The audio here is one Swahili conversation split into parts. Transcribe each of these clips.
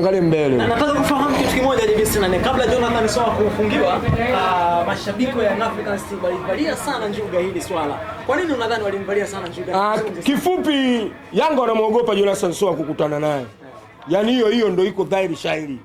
tuangalie mbele. Na nataka kufahamu kitu kimoja hivi sana, kabla Jonathan Soa kufungiwa, uh, mashabiki wa Young Africans walivalia sana njuga hili swala. Kwa nini unadhani walimvalia sana njuga? Uh, ah, kifupi Yanga wanamuogopa Jonathan Soa kukutana naye. Yaani hiyo hiyo ndio iko dhahiri shahiri.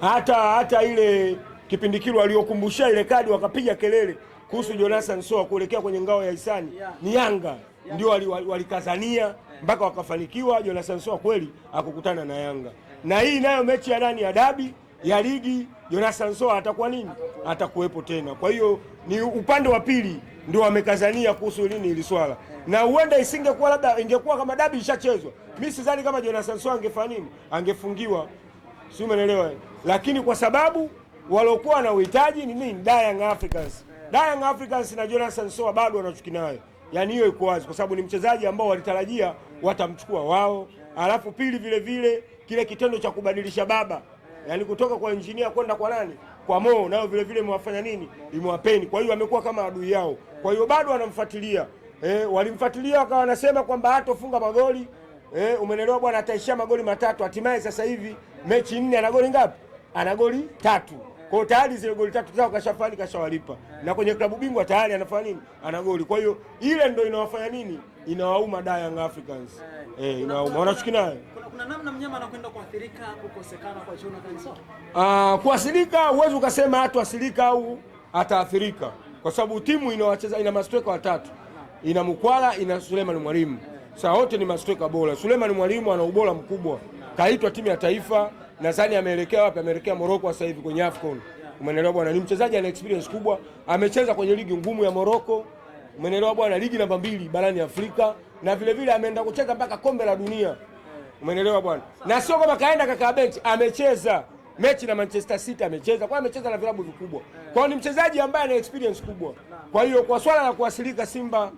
Hata hata ile kipindi kile waliokumbusha ile kadi wakapiga kelele kuhusu Jonathan Soa kuelekea kwenye ngao ya hisani yeah. Ni Yanga yeah. Ndio walikazania wali wali mpaka Wakafanikiwa Jonathan Soa kweli akukutana na Yanga na hii nayo mechi ya nani ya dabi ya ligi Jonas Nsoa atakuwa nini, atakuwepo tena. Kwa hiyo ni upande wa pili ndio wamekazania kuhusu nini ili swala, na huenda isingekuwa labda ingekuwa kama dabi ishachezwa, mimi sidhani kama Jonas Nsoa angefanya nini, angefungiwa, si umeelewa? Lakini kwa sababu walokuwa na uhitaji ni nini, Young Africans, Young Africans na Jonas Nsoa bado wanachuki wanachukinayo, yaani hiyo iko wazi, kwa sababu ni mchezaji ambao walitarajia watamchukua wao, alafu pili vile vile kile kitendo cha kubadilisha baba, yaani kutoka kwa injinia kwenda kwa nani, kwa Mo, nao vile vile imewafanya nini, imewapeni. Kwa hiyo amekuwa kama adui yao, kwa hiyo bado wanamfuatilia eh, walimfuatilia wakawa wanasema kwamba hatofunga magoli eh, umenelewa bwana, ataishia magoli matatu. Hatimaye sasa hivi mechi nne, ana goli ngapi? Ana goli tatu. Kwa hiyo tayari zile goli tatu zao kashafani kashawalipa, na kwenye klabu bingwa tayari anafanya nini? Ana goli. Kwa hiyo ile ndio inawafanya nini, inawauma da Young Africans eh, inawauma. Wanachuki nayo kuna namna mnyama anakwenda kuathirika, kukosekana kwa chono kanisoni. Ah, kuathirika huwezi ukasema hatu athirika au ataathirika kwa sababu timu inawacheza ina mastweka watatu, ina Mkwala, ina Suleiman Mwalimu. Sasa wote ni mastweka bora. Suleiman Mwalimu ana ubora mkubwa, kaitwa timu ya taifa. Nadhani ameelekea wapi? Ameelekea Morocco sasa hivi kwenye AFCON. Umeelewa bwana, ni mchezaji ana experience kubwa, amecheza kwenye ligi ngumu ya Morocco. Umeelewa bwana, ligi namba mbili barani Afrika na vile vile ameenda kucheza mpaka kombe la dunia. Umeelewa bwana? Na sio kwamba kaenda kakaa benchi, amecheza mechi na Manchester City amecheza, kwa amecheza na vilabu vikubwa, eh. kwa ni mchezaji ambaye ana experience kubwa. Kwa hiyo kwa swala la kuasilika Simba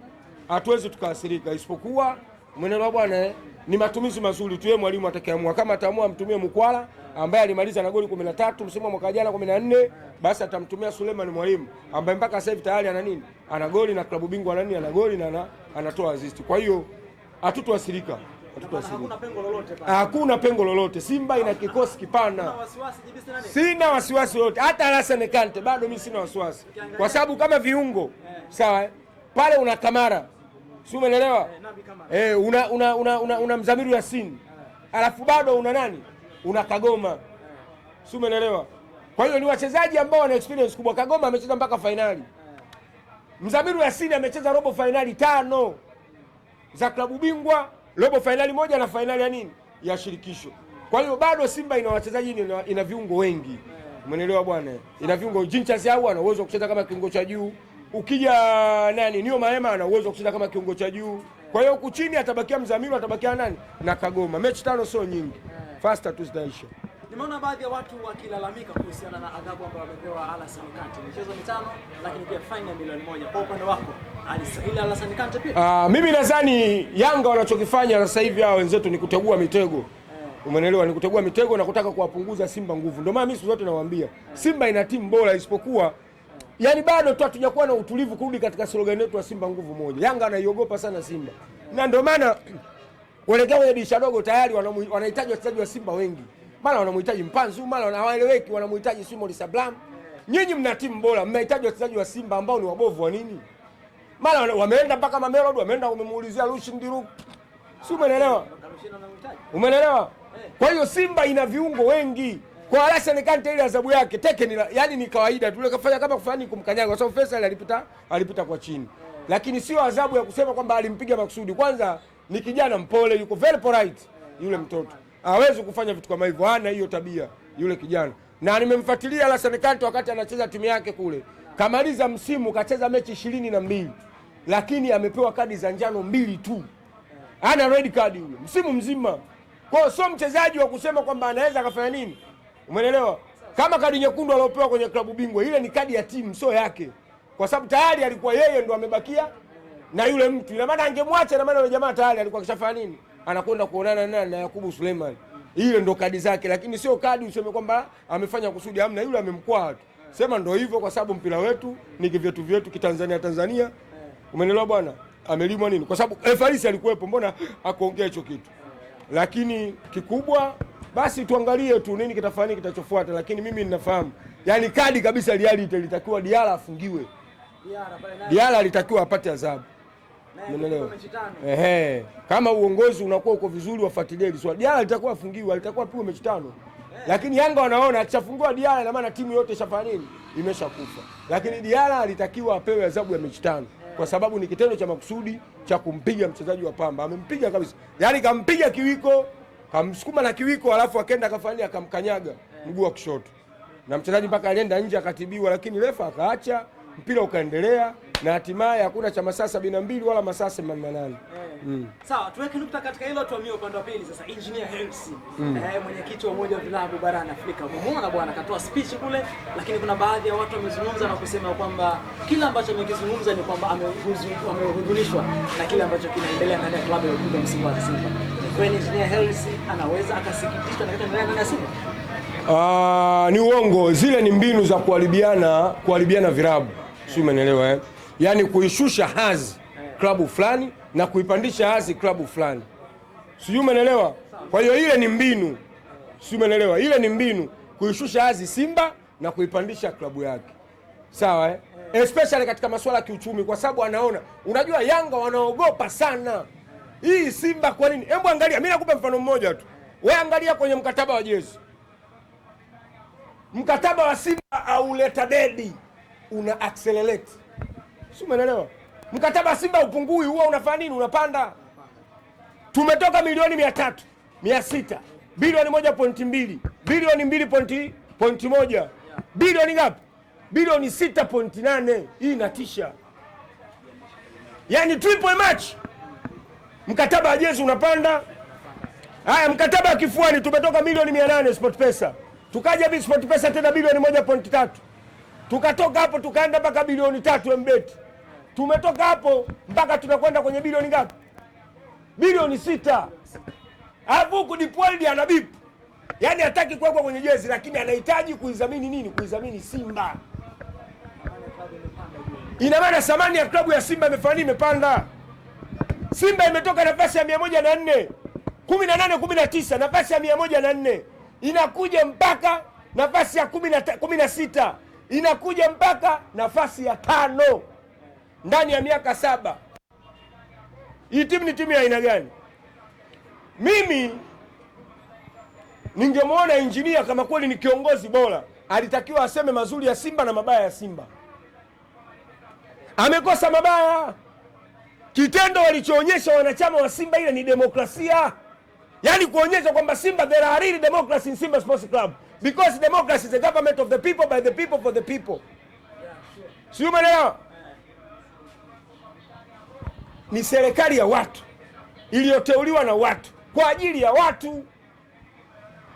hatuwezi tukaasilika, isipokuwa mwenelewa bwana, eh, ni matumizi mazuri tu, yeye mwalimu atakayeamua. Kama ataamua mtumie Mkwala ambaye alimaliza na goli 13 msimu wa mwaka jana 14, basi atamtumia Suleiman mwalimu ambaye mpaka sasa hivi tayari ana nini, ana goli na klabu bingwa ana nini, ana goli na anatoa assist. Kwa hiyo hatutoasilika hakuna pengo lolote. Simba ina kikosi kipana, sina wasiwasi wote. Hata Alassane Kante bado mi sina wasiwasi, kwa sababu kama viungo eh. sawa pale una Kamara, si umeelewa? Eh, eh una una una, una, una Mzamiru Yasini, eh. alafu bado una nani? Una Kagoma, si umeelewa? Kwa hiyo ni wachezaji ambao wana experience kubwa. Kagoma amecheza mpaka fainali, Mzamiru Yasini amecheza robo fainali tano za klabu bingwa robo fainali moja na fainali ya nini ya shirikisho. Kwa hiyo bado Simba ina wachezaji ina, ina viungo wengi, umeelewa bwana? Ina viungo Jinchas au ana uwezo wa kucheza kama kiungo cha juu, ukija nani niyo Maema ana uwezo wa kucheza kama kiungo cha juu. Kwa hiyo huku chini atabakia Mzamiru, atabakia nani na Kagoma. Mechi tano sio nyingi, fasta tu zitaisha. Nimeona baadhi ya watu wakilalamika kuhusiana na adhabu ambayo wamepewa Alasan Kati, michezo mitano, lakini pia faini ya milioni moja. Kwa upande wako Uh, mimi nadhani Yanga wanachokifanya sasa hivi hao wenzetu ni kutegua mitego. Eh. Umeelewa? Ni kutegua mitego na kutaka kuwapunguza Simba nguvu. Ndio maana mimi siku zote nawaambia eh. Simba ina timu bora, isipokuwa eh. yani bado tu hatujakuwa na utulivu kurudi katika slogan yetu ya Simba nguvu moja. Yanga anaiogopa sana Simba, na ndio maana kuelekea kwenye dirisha dogo tayari wanahitaji wachezaji wa Simba wengi, mara wanamhitaji Mpanzu, mara hawaeleweki, wanamhitaji Simoli Sablam. Nyinyi mna timu bora, mnahitaji wachezaji wa Simba ambao ni wabovu wa nini? mara wameenda mpaka Mamelodi, wameenda wamemuulizia Rushi Ndiru, si umeelewa? Umeelewa? Kwa hiyo Simba ina viungo wengi kwa Alasani Kante ile adhabu yake teke ni yani ni kawaida tu kafanya kama kufanya kumkanyaga kwa sababu Faisal alipita alipita kwa chini. Lakini sio adhabu ya kusema kwamba alimpiga makusudi. Kwanza ni kijana mpole, yuko very polite yule mtoto. Hawezi kufanya vitu kama hivyo, hana hiyo tabia yule kijana. Na nimemfuatilia Alasani Kante wakati anacheza timu yake kule. Kamaliza msimu kacheza mechi ishirini na mbili lakini amepewa kadi za njano mbili tu, ana red card huyo msimu mzima. Kwa hiyo sio mchezaji wa kusema kwamba anaweza akafanya nini, umeelewa? Kama kadi nyekundu aliopewa kwenye klabu bingwa, ile ni kadi ya timu, sio yake, kwa sababu tayari alikuwa yeye ndo amebakia na yule mtu. Ina maana angemwacha, ina maana yule jamaa tayari alikuwa kishafanya nini, anakwenda kuonana naye na Yakubu Suleiman. Ile ndo kadi zake, lakini sio kadi useme kwamba amefanya kusudi. Amna, yule amemkwaa tu. Sema ndo hivyo, kwa sababu mpira wetu ni kivyetu vyetu kitanzania Tanzania Umeelewa bwana? Amelimwa nini? Kwa sababu Evariste alikuwepo, mbona hakuongea hicho kitu? Lakini kikubwa basi tuangalie tu nini kitafanyika kitachofuata, lakini mimi ninafahamu yani kadi kabisa reality ilitakiwa Diala afungiwe. Diala alitakiwa apate adhabu. Umeelewa? Ehe, kama uongozi unakuwa uko vizuri wafuatilie hili swali. Diala alitakuwa afungiwe, alitakuwa apigwe mechi tano. Eh. Lakini Yanga wanaona akishafungua Diala, ina maana timu yote ishafanya nini? Imeshakufa. Lakini Diala alitakiwa apewe adhabu ya mechi tano kwa sababu ni kitendo cha makusudi cha kumpiga mchezaji wa Pamba. Amempiga kabisa, yaani kampiga kiwiko, kamsukuma na kiwiko, alafu akaenda kafani akamkanyaga mguu wa kushoto, na mchezaji mpaka alienda nje akatibiwa, lakini refa akaacha mpira ukaendelea na hatimaye hakuna cha masaa sabini na mbili wala masaa themanini na nane. Eh. Mm. Sawa, tuweke nukta katika hilo, tuamie upande wa pili sasa. Engineer Hersi mm. eh, mwenyekiti wa umoja wa vilabu barani Afrika, umemwona bwana, akatoa speech kule, lakini kuna baadhi ya watu wamezungumza na kusema kwamba kila ambacho amekizungumza ni kwamba amehudhunishwa na kile ambacho kinaendelea ndani ya klabu ya Wekundu wa Msimbazi, Simba. Kwani Engineer Hersi anaweza akasikitishwa na kinachoendelea ndani ya Simba? Ah, ni uongo, zile ni mbinu za kuharibiana kuharibiana virabu si umeelewa eh? Yani kuishusha hazi klabu fulani na kuipandisha hazi klabu fulani, sijui umeelewa. Kwa hiyo ile ni mbinu, si umeelewa? Ile ni mbinu kuishusha hazi Simba na kuipandisha klabu yake, sawa eh? Especially katika masuala ya kiuchumi, kwa sababu anaona, unajua Yanga wanaogopa sana hii Simba. Kwa nini? Hebu angalia, mimi nakupa mfano mmoja tu. Wewe angalia kwenye mkataba wa jezi, mkataba wa Simba auleta dedi una accelerate, si umeelewa? Mkataba Simba upungui, huwa unafanya nini? Unapanda. Tumetoka milioni mia tatu mia sita bilioni moja pointi mbili bilioni mbili pointi pointi moja bilioni ngapi? Bilioni sita pointi nane Hii inatisha, yaani triple match. Mkataba wa jezi unapanda. Haya, mkataba wa kifuani tumetoka milioni mia nane Sport Pesa, tukaja hivi Sport Pesa tena bilioni moja pointi tatu tukatoka hapo tukaenda mpaka bilioni tatu mbeti. Tumetoka hapo mpaka tunakwenda kwenye bilioni ngapi? Bilioni sita. Alafu huku Dipwaldi ana bipu, yaani hataki kuwekwa kwenye jezi, lakini anahitaji kuidhamini nini? Kuidhamini Simba. Ina maana thamani ya klabu ya Simba imefanya nini? Imepanda. Simba imetoka nafasi ya mia moja na nne kumi na nane kumi na tisa nafasi ya mia moja na nne inakuja mpaka nafasi ya kumi na sita inakuja mpaka nafasi ya tano ndani ya miaka saba. Hii timu ni timu ya aina gani? Mimi ningemwona injinia kama kweli ni kiongozi bora, alitakiwa aseme mazuri ya Simba na mabaya ya Simba. Amekosa mabaya. Kitendo walichoonyesha wanachama wa Simba ile ni demokrasia yani kuonyesha kwamba Simba there are really democracy in Simba Sports Club because democracy is a government of the people by the people for the people. Sio umeelewa? Ni serikali ya watu iliyoteuliwa na watu kwa ajili ya watu.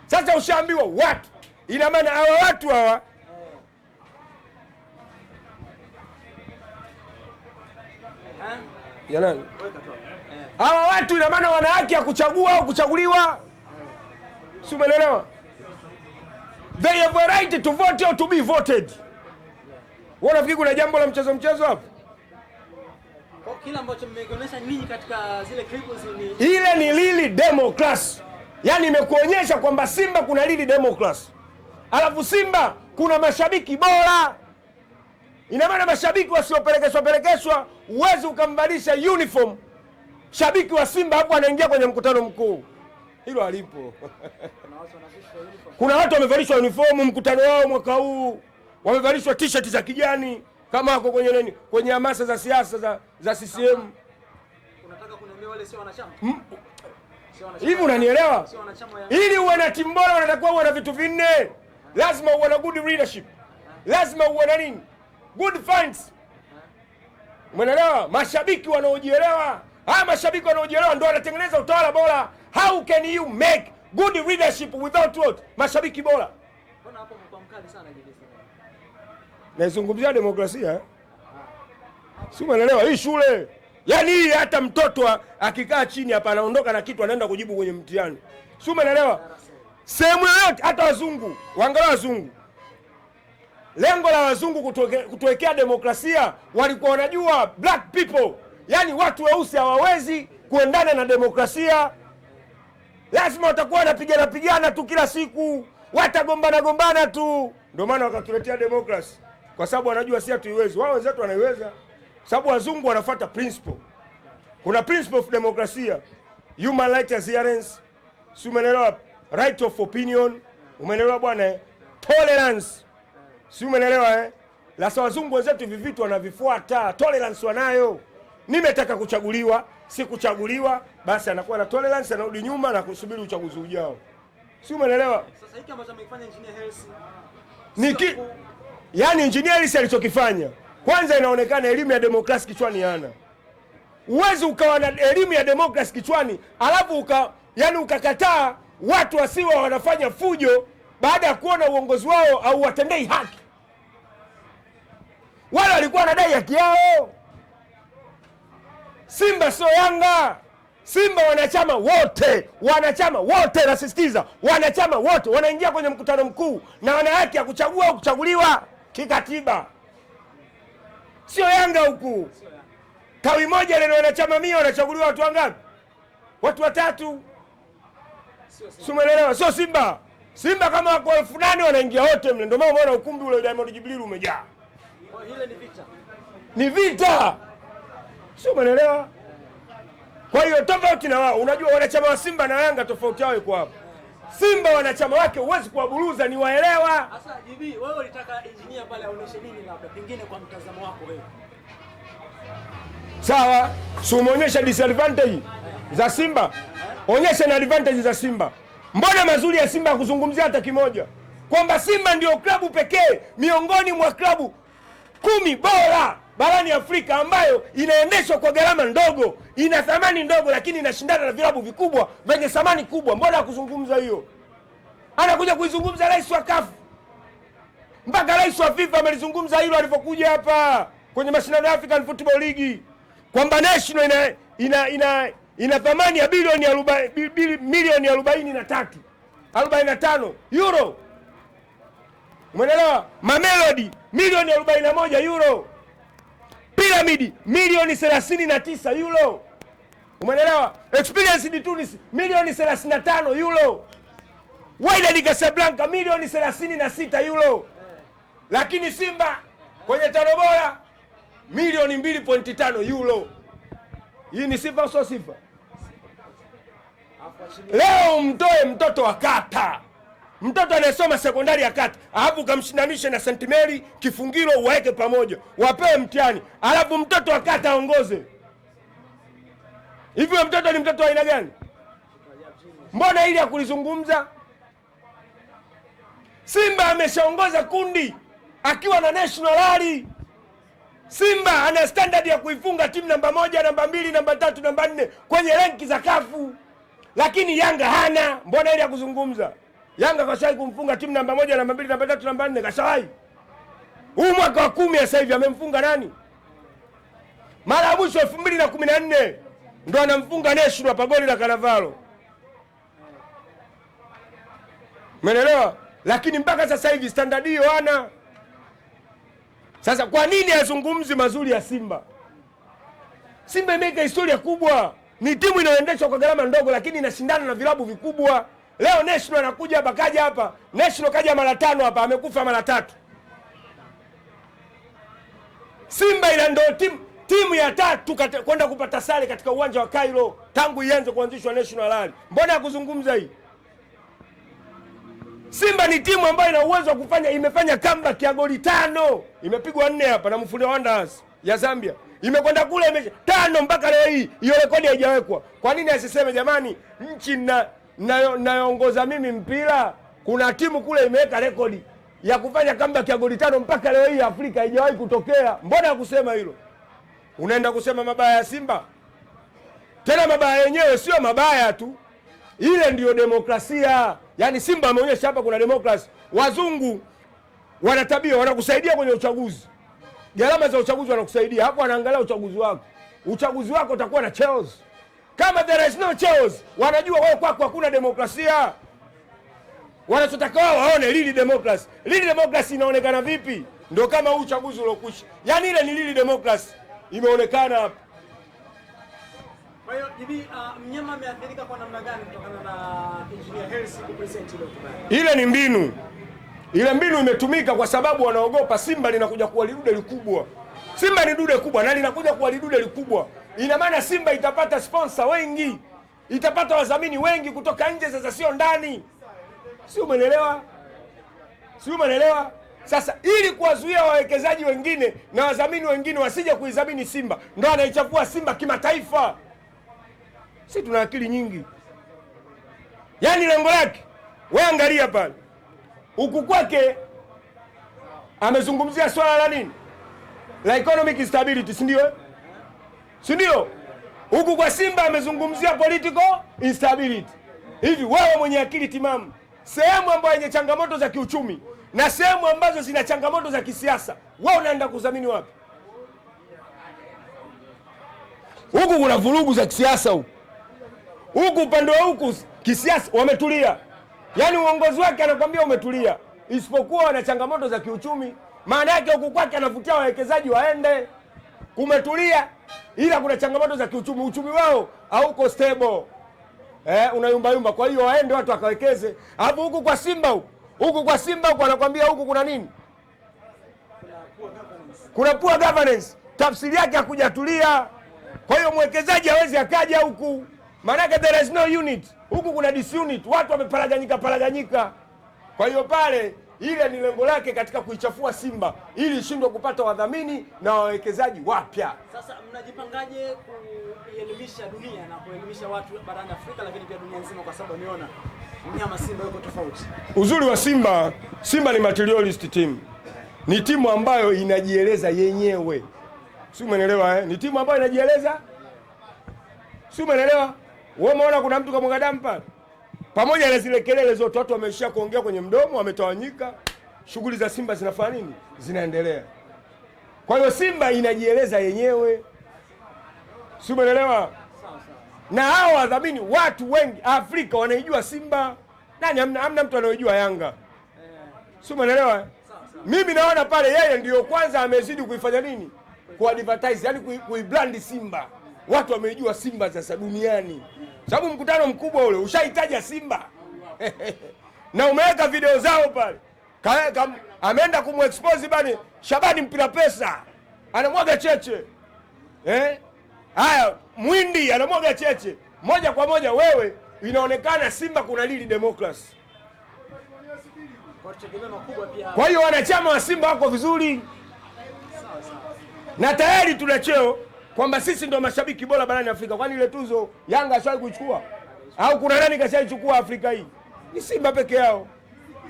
Sasa ushaambiwa watu, ina maana hawa watu hawa eh. ya nani? hawa watu, ina maana wana haki ya kuchagua au kuchaguliwa, si umeelewa? They have a right to vote or to be voted. Wewe unafikiri kuna jambo la mchezo mchezo hapo? Kila ambacho mmeonyesha ninyi katika zile clips ni ile ni lili democracy, yaani imekuonyesha kwamba Simba kuna lili democracy, alafu Simba kuna mashabiki bora. Ina maana mashabiki wasiopelekeshwa pelekeshwa, huwezi ukambadilisha uniform shabiki wa Simba hapo anaingia kwenye mkutano mkuu, hilo alipo Kuna watu wamevalishwa unifomu mkutano wao mwaka huu, wamevalishwa t-shirt za kijani kama wako kwenye nini, kwenye hamasa za siasa za, za CCM. Unataka kuniambia wale sio hmm? wanachama hivi, unanielewa? Ili uwe na timu bora, unatakiwa uwe na vitu vinne. Lazima uwe na good leadership, lazima uwe na nini, good fans, eh? umeelewa? Mashabiki wanaojielewa Haya mashabiki wanaojielewa ndio wanatengeneza utawala bora. How can you make good leadership without what? Mashabiki bora. Mbona hapo mko mkali sana hivi sasa? Naizungumzia demokrasia. Eh? Si unaelewa hii shule. Yaani hii hata mtoto akikaa chini hapa anaondoka na kitu anaenda kujibu kwenye mtihani. Si umeelewa? Sehemu yoyote hata wazungu, wangalau wazungu. Lengo la wazungu kutuwekea demokrasia walikuwa wanajua black people Yaani watu weusi hawawezi kuendana na demokrasia, lazima watakuwa wanapigana pigana tu kila siku, watagombana gombana tu. Ndio maana wakatuletea demokrasi, kwa sababu wanajua si hatuiwezi, wao wenzetu wanaiweza, sababu wazungu wanafuata principle. Kuna principle of demokrasia, human right adherence, si umeelewa? Right of opinion, umeelewa bwana? Eh? Tolerance, si umeelewa eh? Lasa wazungu wenzetu hivi vitu wanavifuata, tolerance wanayo nimetaka kuchaguliwa, sikuchaguliwa, basi anakuwa na tolerance, anarudi nyuma na kusubiri uchaguzi ujao, si umeelewa? Sasa hiki ambacho amekifanya engineer Hersi niki, yani engineer Hersi alichokifanya kwanza, inaonekana elimu ya demokrasi kichwani hana. uwezi ukawa na elimu ya demokrasi kichwani alafu uka, yani ukakataa watu wasiwa wanafanya fujo baada ya kuona uongozi wao au watendei haki. Wale walikuwa wanadai haki yao Simba sio Yanga. Simba wanachama wote, wanachama wote, nasisitiza wanachama wote wanaingia kwenye mkutano mkuu na wana haki ya kuchagua au kuchaguliwa kikatiba, sio Yanga huku. Tawi moja lina wanachama mia, wanachaguliwa watu wangapi? Watu watatu, sumelelewa? Sio Simba. Simba kama wako elfu nane wanaingia wote mle. Ndio maana umeona ukumbi ule Diamond Jubilee umejaa. Ni vita, ni vita sio, umeelewa? Kwa hiyo tofauti na wao, unajua wanachama wa Simba na Yanga tofauti yao iko hapo. Simba wanachama wake huwezi kuwaburuza, ni waelewa. Sasa JB, wewe ulitaka engineer pale aoneshe nini, labda pengine kwa mtazamo wako wewe? Sawa, si umeonyesha disadvantage za Simba, onyesha na advantage za Simba. Mbona mazuri ya Simba kuzungumzia hata kimoja, kwamba Simba ndio klabu pekee miongoni mwa klabu kumi bora barani Afrika ambayo inaendeshwa kwa gharama ndogo, ina thamani ndogo, lakini inashindana na vilabu vikubwa vyenye thamani kubwa. Mbona kuzungumza hiyo? Anakuja kuizungumza rais wa CAF, mpaka rais wa FIFA amelizungumza hilo alivyokuja hapa kwenye mashindano ya African Football League kwamba national ina ina ina, ina thamani ya bilioni milioni arobaini na tatu arobaini na tano euro, umeelewa? Mamelodi milioni arobaini na moja euro Piramidi milioni 39 euro. Umeelewa? Experience di Tunis milioni 35 euro. Wydad Casablanca milioni 36 euro. Lakini Simba kwenye tano bora milioni 2.5 euro. Hii ni sifa sio sifa? Leo mtoe mtoto wa kata mtoto anayesoma sekondari ya kati, alafu ukamshinanishe na St. Mary Kifungiro, uwaweke pamoja, wapewe mtihani, alafu mtoto wa kata aongoze. Hivi mtoto ni mtoto wa aina gani? Mbona ili ya kulizungumza Simba ameshaongoza kundi akiwa na national rally. Simba ana standard ya kuifunga timu namba moja, namba mbili, namba tatu, namba nne kwenye renki za Kafu, lakini Yanga hana. Mbona ile ya kuzungumza? Yanga kashai kumfunga timu namba moja, namba mbili, namba tatu, namba nne, kashai. Huu mwaka wa kumi sasa hivi amemfunga nani? Mara ya mwisho elfu mbili na kumi na nne ndo anamfunga National hapa goli la kanavalo umeelewa? Lakini mpaka sasa hivi standard hiyo ana. Sasa kwa nini azungumzi mazuri ya Simba? Simba imeweka historia kubwa, ni timu inayoendeshwa kwa gharama ndogo, lakini inashindana na vilabu vikubwa. Leo National anakuja hapa, kaja hapa National, kaja mara tano hapa, amekufa mara tatu. Simba ina ndio timu timu ya tatu kwenda kupata sare katika uwanja wa Cairo tangu ianze kuanzishwa National Rally. Mbona yakuzungumza hii? Simba ni timu ambayo ina uwezo wa kufanya, imefanya comeback ya goli tano, imepigwa nne hapa na Mufuli Wanderers ya Zambia, imekwenda kule imesha tano mpaka leo hii, hiyo rekodi haijawekwa. Kwa nini asiseme jamani, nchi na nayoongoza mimi mpira, kuna timu kule imeweka rekodi ya kufanya comeback ya goli tano mpaka leo hii Afrika haijawahi kutokea. Mbona ya kusema hilo? Unaenda kusema mabaya ya Simba tena, mabaya yenyewe sio mabaya tu, ile ndiyo demokrasia. Yaani Simba ameonyesha hapa kuna demokrasi. Wazungu wana tabia, wanakusaidia kwenye uchaguzi, gharama za uchaguzi wanakusaidia hapo, wanaangalia uchaguzi wako, uchaguzi wako utakuwa na Chelsea kama there is no chaos, wanajua wao kwako hakuna demokrasia. wao waone lili demokrasi. Lili demokrasi inaonekana vipi? Ndio kama huu uchaguzi uliokwisha, yaani ile ni lili demokrasi imeonekana hapa. Kwa hiyo hivi uh, mnyama ameathirika kwa namna gani kutokana na engineer Hersi kupresent ile hotuba? Ile ni mbinu, ile mbinu imetumika kwa sababu wanaogopa Simba linakuja kuwa lidude likubwa. Simba ni dude kubwa na linakuja kuwa lidude likubwa. Ina maana Simba itapata sponsor wengi, itapata wadhamini wengi kutoka nje, sasa sio ndani. Si umeelewa? Si umeelewa? Sasa ili kuwazuia wawekezaji wengine na wadhamini wengine wasije kuidhamini Simba, ndo anaichafua Simba kimataifa. Si tuna akili nyingi? Yaani lengo lake, we angalia pale huku kwake amezungumzia swala la nini, la economic stability, si ndio? si ndio? Huku kwa Simba amezungumzia political instability. Hivi wewe mwenye akili timamu, sehemu ambayo yenye changamoto za kiuchumi na sehemu ambazo zina changamoto za kisiasa, wewe unaenda kudhamini wapi? Huku kuna vurugu za kisiasa huku huku upande wa huku kisiasa wametulia, yaani uongozi wake anakwambia umetulia, isipokuwa wana changamoto za kiuchumi. Maana yake huku kwake anavutia wawekezaji waende, kumetulia ila kuna changamoto za kiuchumi, uchumi wao hauko stable eh, unayumbayumba. Kwa hiyo waende watu wakawekeze, hapo. huku kwa Simba huku huku kwa Simba huku anakwambia huku kuna nini? Kuna poor governance. Tafsiri yake hakujatulia. Kwa hiyo mwekezaji hawezi akaja huku, maanake there is no unit huku, kuna disunit, watu wameparaganyika paraganyika. Kwa hiyo pale ile ni lengo lake katika kuichafua Simba ili ishindwe kupata wadhamini na wawekezaji wapya. Sasa mnajipangaje kuelimisha dunia na kuelimisha watu barani Afrika, lakini pia dunia nzima, kwa sababu umeona mnyama Simba yuko tofauti. Uzuri wa Simba, Simba ni materialist team, ni timu ambayo inajieleza yenyewe, si umeelewa eh? Ni timu ambayo inajieleza, si umeelewa? Wewe umeona kuna mtu kamwaga damu pale pamoja na zile kelele zote, watu wameishia kuongea kwenye mdomo, wametawanyika, shughuli za Simba zinafanya nini? Zinaendelea. Kwa hiyo Simba inajieleza yenyewe, si umeelewa? Na hao wadhamini, watu wengi Afrika wanaijua Simba. Nani amna, amna mtu anaojua Yanga, si umeelewa? Mimi naona pale yeye ndiyo kwanza amezidi kuifanya nini, kuadvertise, yani kuibrandi Simba watu wameijua Simba sasa duniani, sababu mkutano mkubwa ule ushaitaja Simba na umeweka video zao pale. Ameenda kumexpose bani Shabani mpira pesa anamwaga cheche eh? Haya, mwindi anamwaga cheche moja kwa moja. Wewe inaonekana Simba kuna lili demokrasi. Kwa hiyo wanachama wa Simba wako vizuri na tayari tuna cheo kwamba sisi ndio mashabiki bora barani Afrika. Kwani ile tuzo Yanga ashawahi kuichukua? Au kuna nani kashaichukua Afrika hii? Ni Simba peke yao.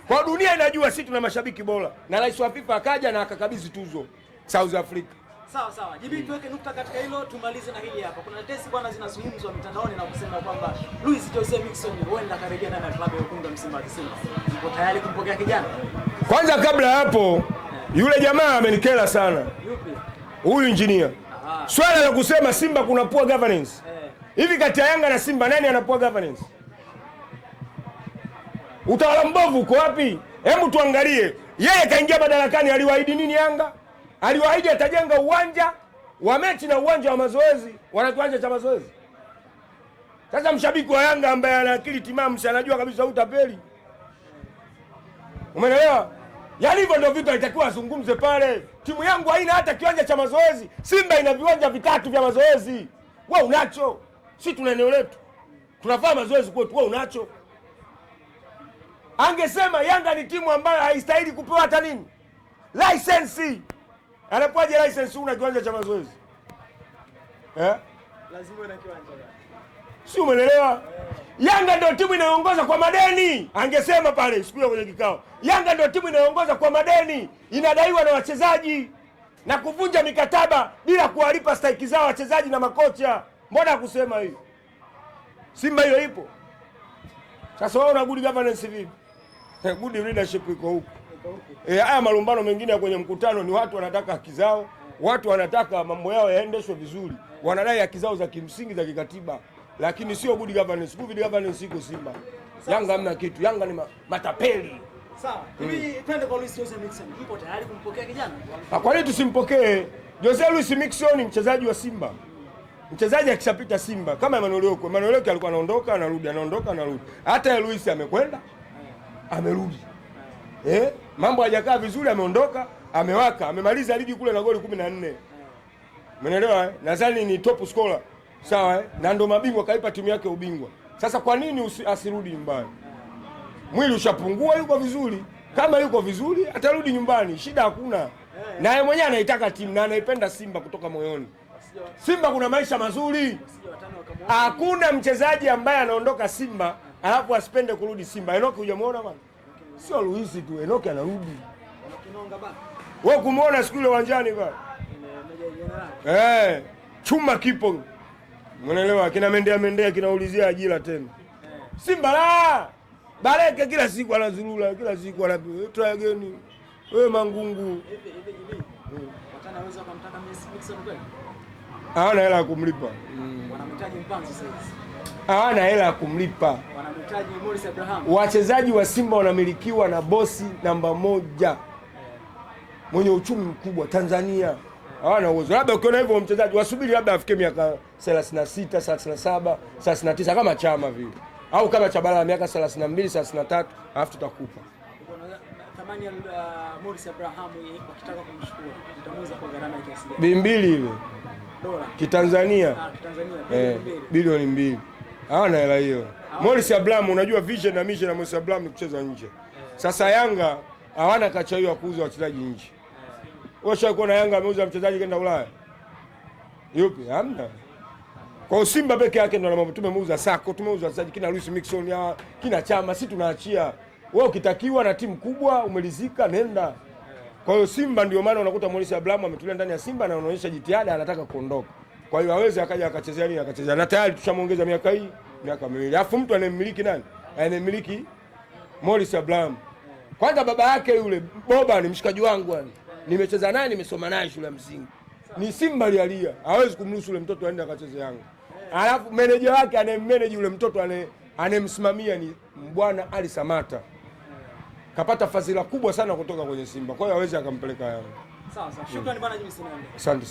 Kwa dunia inajua sisi tuna mashabiki bora, na rais wa FIFA akaja na akakabidhi tuzo South Africa. Sawa sawa. hmm. tuweke nukta katika hilo, tumalize na hili hapa. Kuna tetesi bwana zinazungumzwa mitandaoni na kusema kwamba Luis Jose Mixon huenda karejea ndani ya klabu ya Wekundu wa Msimbazi. Simba uko tayari kumpokea kijana? Kwanza kabla hapo, eh. yule jamaa amenikera sana. Yupi? Huyu injinia swala la kusema Simba kuna poor governance eh. hivi kati ya Yanga na Simba nani ana poor governance? Utawala mbovu uko wapi? Hebu tuangalie, yeye kaingia madarakani, aliwaahidi nini Yanga? Aliwaahidi atajenga uwanja wa mechi na uwanja wa mazoezi, wana kiwanja cha mazoezi. Sasa mshabiki wa Yanga ambaye ana akili timamu, si anajua kabisa utapeli, umeelewa? yalivyo yaani ndio vitu alitakiwa azungumze pale. Timu yangu haina hata kiwanja cha mazoezi. Simba ina viwanja vitatu vya mazoezi, wewe unacho? Si tuna eneo letu tunafanya mazoezi kwetu, wewe unacho? Angesema Yanga ni timu ambayo haistahili kupewa hata nini lisensi. Anapoje license Una kiwanja cha mazoezi eh? Lazima una kiwanja, si umeelewa? Yanga ndio timu inayoongoza kwa madeni, angesema pale siku kwenye kikao. Yanga ndio timu inayoongoza kwa madeni, inadaiwa na wachezaji na kuvunja mikataba bila kuwalipa stahiki zao wachezaji na makocha. Mbona kusema hii Simba hiyo ipo sasa. wao na good governance vipi? Eh, good leadership iko huko. E, eh, haya malumbano mengine ya kwenye mkutano ni watu wanataka haki zao, watu wanataka mambo yao yaendeshwe vizuri, wanadai haki zao za kimsingi za kikatiba lakini sio good governance. Good governance iko Simba. Yanga hamna kitu. Yanga ni matapeli. Sawa. Hivi hmm. twende kwa Luis Jose Mixon. Mpo tayari kumpokea kijana? Ah, kwa nini tusimpokee? Jose Luis Mixon mchezaji wa Simba. Mchezaji akishapita Simba kama Emmanuel Okwe. Emmanuel Okwe alikuwa anaondoka anarudi, anaondoka anarudi. Hata Luis amekwenda amerudi. Hmm. Eh? Mambo hajakaa vizuri, ameondoka, amewaka, amemaliza ligi kule na goli 14. Hmm. Umeelewa eh? Nadhani ni top scorer sawa eh? na ndo mabingwa kaipa timu yake ubingwa. Sasa kwa nini asirudi nyumbani? Mwili ushapungua, yuko vizuri. Kama yuko vizuri atarudi nyumbani, shida hakuna. Naye mwenyewe anaitaka timu na anaipenda Simba kutoka moyoni. Simba kuna maisha mazuri, hakuna mchezaji ambaye anaondoka Simba alafu asipende kurudi Simba. Enoki hujamuona bwana? Sio Luisi tu, Enoki anarudi. Wewe kumuona siku ile uwanjani bwana? Eh, chuma kipo Mwenelewa kina mendea mendea kinaulizia ajira tena. Simba la Baleke kila siku anazurura, kila siku anatoa geni. Wewe mangungu. Hawana hela ya kumlipa. Hawana hela ya kumlipa. Wachezaji wa Simba wanamilikiwa na bosi namba moja mwenye uchumi mkubwa Tanzania hawana ah, uwezo. Labda ukiona hivyo mchezaji wasubiri, labda afike miaka 36, 37, 39 kama Chama vile au kama Tchabalala la miaka 32, 33, alafu tutakupa uh, bimbili ile kitanzania ah, eh, bilioni mbili. Hawana hela hiyo. Morris Abraham, unajua vision na mission ya Morris Abraham ni kucheza nje. Eh. Sasa Yanga hawana kacha hiyo ya kuuza wachezaji nje. Washakuwa na Yanga ameuza mchezaji kenda Ulaya yupi? Hamna. Kwa Simba peke yake ndo mambo, tumemuuza Sako, tumeuza wachezaji kina Luis Mixon ya kina Chama, si tunaachia wewe. Ukitakiwa na timu kubwa umelizika, nenda. Kwa hiyo Simba ndio maana unakuta Morris Abraham ametulia ndani ya Simba na anaonyesha jitihada, anataka kuondoka. Kwa hiyo hawezi akaja akachezea nini akachezea, na tayari tushamuongeza miaka hii miaka miwili, alafu mtu anemiliki nani? Anemiliki Morris Abraham, kwanza baba yake yule Boba ni mshikaji wangu yani nimecheza naye, nimesoma naye shule ya msingi, ni Simba alialia, hawezi kumruhusu ule mtoto aende akacheze Yanga. Alafu meneja wake anayemmeneji ule mtoto anayemsimamia ni Bwana Ali Samata, kapata fadhila kubwa sana kutoka kwenye Simba, kwa hiyo hawezi akampeleka Yanga. Sawa sawa, shukrani bwana Jimmy asante.